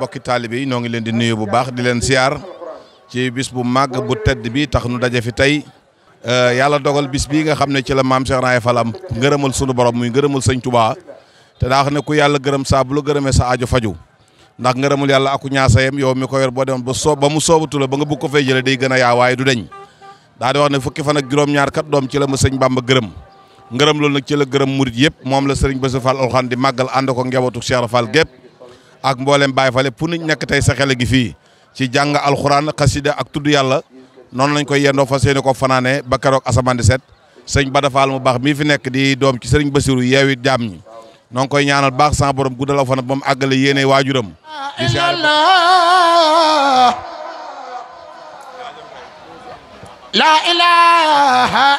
bokki taalibe yi ñoo ngi leen di nuyu bu baax di leen siyaar ci bis bu màgg bu tedd bi tax nu daje fi tey euh, yàlla dogal bis bii nga xam ne ci la maam Cheikh Naye Fall am ngërëmal sunu borom muy ngërëmal sëñ Touba te daa xam ne ku yalla gërëm saa bu la gërëmee sa aajo faju ndax ngërëmul yàlla aku ñaasayam yow mi ko boo dem ba soo ba mu soobatu la ba nga bëgg ko fay jëlee day gën a yaa waaye du deñ daa di wax ne fukki fan ak juróom-ñaar kat doom ci la ma sëñ Bamba gërëm ngërëm loolu nag ci la gërëm murit yëpp moom la sëriñ Bassirou Fall Alxuraan di màggal ànd ko njabootu ak mboolem baay Fall pour niñ nekk tey sa xel gi fii ci jàng alxuraan xasida ak tudd yàlla noonu lañ koy yendoo fas yéene ko fanaane ba keroog asamaan di set sëñ Bada mu baax mi fi nekk di doom ci sëriñ Basiru yeewi jaam ñi noo ngi koy ñaanal baax sa borom guddal aw fanam ba mu àggale yéene waajuram di la ilaha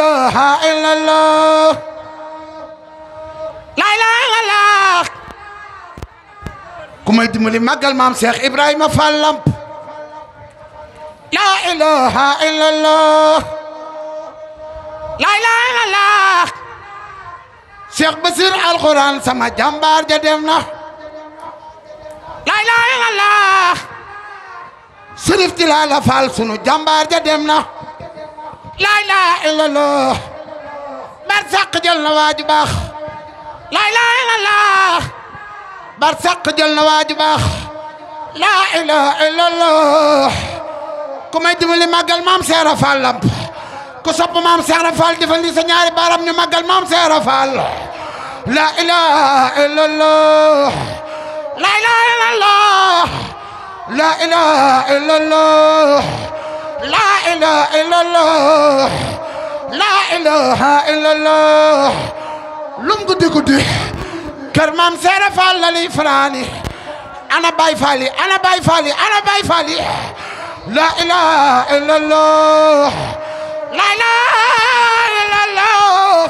إله إلا الله لا إله إلا الله ku may dimbali màggal maam Cheikh Ibrahima Fall Lamp لا إله إلا الله لا إله sama jàmbaar ja dem na لا إله إلا الله Serif Tilala Fall sunu jàmbaar ja dem na laa ilaaha illallah barsàq jël na waaju baax laa ilaaha illallah barsàq jël na waaju baax laa ilaaha illallah ku may dimbali màggal maam Seera Fall ku sopp maam Seera Fall defal ni ñaari baaram ñu màggal maam Seera Fall إله إلا الله لا إله إلا الله lum guddi guddi kër maam Seere Faal la liy fanaani ana Baay Faal yi ana Baay Faal yi ana Baay Faal yi la ilaha illallah la ilaha illallah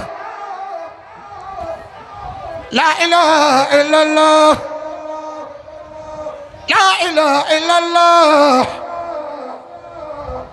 la ilaha illallah la ilaha illallah